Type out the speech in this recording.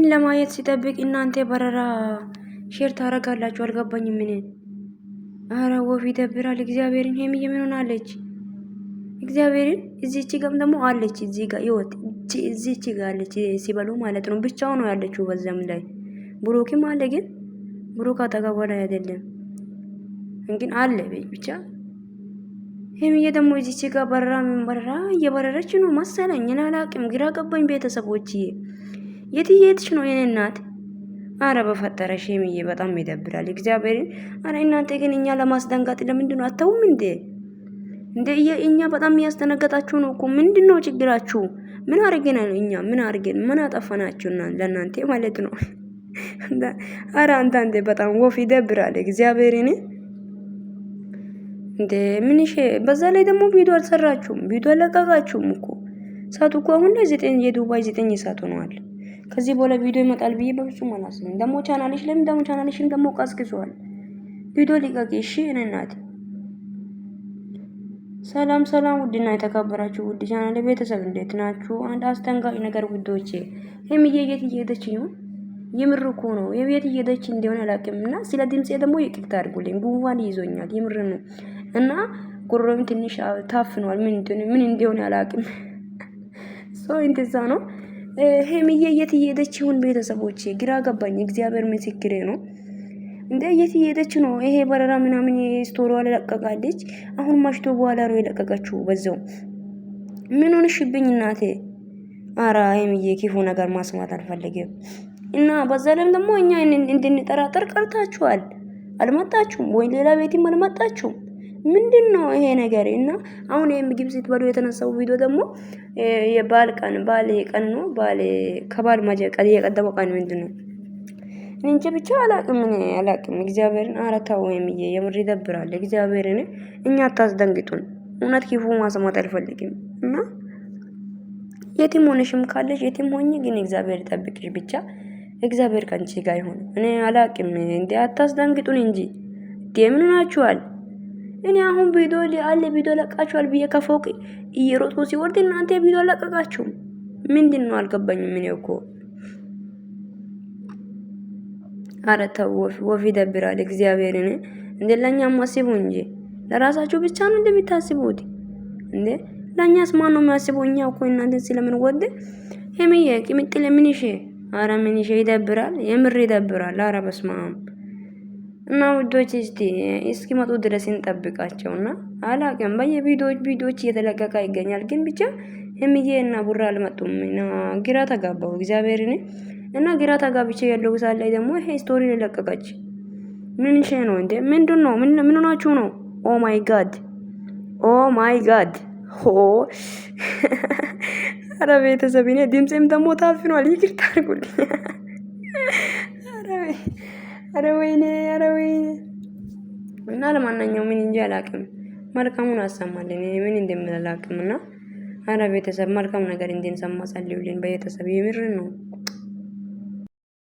ምን ለማየት ሲጠብቅ እናንተ በረራ ሼር ታደርጋላችሁ? አልገባኝ ምን አረ ወፍ ይደብራል። እግዚአብሔርን ሄምዬ ምን ሆናለች? እግዚአብሔርን እዚች ጋም ደግሞ አለች። እዚህ ጋር ይወት እዚች ጋር አለች ሲበሉ ማለት ነው። ብቻው ነው ያለችው በዛም ላይ ብሩክም አለ። ግን ብሩክ አጠገቧ ላይ አይደለም እንግዲህ አለ ብቻ ሄምዬ ደግሞ እዚች ጋር በረራ ምን በረራ እየበረረች ነው መሰለኝ። አላቅም፣ ግራ ገባኝ ቤተሰቦች የትየትሽ ነው የኔ እናት? አረ በፈጠረ ሼምዬ በጣም ይደብራል። እግዚአብሔርን አረ እናንተ ግን እኛ ለማስደንጋጥ ለምንድን ነው አተውም እንዴ? እንደ እኛ በጣም ያስደነገጣችሁ ነው እኮ። ምንድን ነው ችግራችሁ? ምን አርገን እኛ ምን አርገን ምን አጠፋናችሁ? ለእናንተ ማለት ነው። አረ አንዳንዴ በጣም ወፍ ይደብራል። እግዚአብሔርን እንደ ምን በዛ ላይ ደግሞ ቪዲዮ አልሰራችሁም፣ ቪዲዮ አለቀቃችሁም እኮ። ሰዓቱ እኮ አሁን ላይ ዘጠኝ የዱባይ ዘጠኝ ሰዓት ሆኗል። ከዚህ በኋላ ቪዲዮ ይመጣል ብዬ በፍጹም አላስብም። ደግሞ ቻናልሽ ለምን ደግሞ ቻናልሽን ደግሞ ቀዝቅዟል። ቪዲዮ ሊቀቅ እሺ እንናት ሰላም ሰላም፣ ውድና የተከበራችሁ ውድ ቻናል ቤተሰብ እንዴት ናችሁ? አንድ አስደንጋጭ ነገር ውዶቼ፣ ሀይሚዬ የት እየሄደች ነው? የምር እኮ ነው የቤት እየሄደች እንደሆነ አላውቅም። እና ስለ ድምፄ ደግሞ ይቅርታ አድርጉልኝ፣ ጉንፋን ይዞኛል። የምር ነው እና ጉሮሮም ትንሽ ታፍኗል። ምን ምን እንደሆነ አላውቅም። ሶ እንደዛ ነው ሄምዬ የት እየሄደች ይሁን? ቤተሰቦች ግራ ገባኝ። እግዚአብሔር ምስክሬ ነው። እንደ የት እየሄደች ነው? ይሄ በረራ ምናምን ስቶሪ ላይ አሁን ማሽቶ በኋላ ነው የለቀቀችው። በዛው ምን ሆንሽብኝ እናቴ? አራ ሄምዬ ክፉ ነገር ማስማት አልፈልግም። እና በዛ ላይም ደግሞ እኛ እንድንጠራጠር ቀርታችኋል። አልመጣችሁም ወይ ሌላ ቤትም አልመጣችሁም። ምንድን ነው ይሄ ነገር? እና አሁን ይሄ ምግብ ስትበሉ የተነሳው ቪዲዮ ደግሞ የባል ቀን ባል ቀን ነው ባል ከባል ማጀቀ ቀን የቀደመው ቀን ምንድን ነው? እንጂ ብቻ አላቅም እኔ አላቅም። እግዚአብሔርን አረታው ወይም የምር ይደብራል። እግዚአብሔርን እኛ አታስደንግጡን። እውነት ኪፉ ማሰማት አልፈልግም እና የትም ሆነሽም ካለሽ የትም ሆኜ ግን እግዚአብሔር ይጠብቅሽ ብቻ እግዚአብሔር ከአንቺ ጋር ይሁን። እኔ አላቅም እንዴ አታስደንግጡን እንጂ ደምን ናችኋል። እኔ አሁን ቪዲዮ ሊአለ ቪዲዮ ለቃችኋል ብዬ ከፎቅ እየሮጥኩ ሲወርድ እናንተ ቪዲዮ ለቀቃችሁ። ምንድን ነው አልገባኝም። ምን እኮ አረ ተው ወፍ ይደብራል። እግዚአብሔርን እንደ ለእኛም አስቡ እንጂ ለራሳችሁ ብቻ ነው እንደምታስቡት እንዴ? ለእኛስ ማን ነው የሚያስበው? እኛ እኮ እናንተን ስለምንወድ ሄሚዬ ቅምጥል ምንሽ፣ አረ ምንሽ ይደብራል። የምር ይደብራል። ኧረ በስመ አብ እና ውዶች እስቲ እስኪመጡ ድረስ እንጠብቃቸውና አላቅም በየቪዲዮዎች ቪዲዮዎች እየተለቀቀ ይገኛል። ግን ብቻ ሀይሚዬ እና ቡራ አልመጡም እና ግራ ተጋባው እግዚአብሔርን እና ግራ ተጋብቼ ያለው ሳል ላይ ደግሞ ይሄ ስቶሪ ለለቀቀች ምን ሸ ነው እንዴ? ምንድን ነው? ምን ሆናችሁ ነው? ኦ ማይ ጋድ! ኦ ማይ ጋድ! ሆ አረ ቤተሰብ እኔ ድምፄም ደግሞ ታፍኗል። ይቅርታ አድርጉልኝ። አረ ወይኔ፣ አረ ወይኔ። እና ለማንኛውም ምን እንጂ አላቅም። መልካሙን አሰማልን። ምን እንደምል አላቅም። እና አረ ቤተሰብ መልካም ነገር እንድንሰማ ጸልዩልን። በቤተሰብ የምር ነው።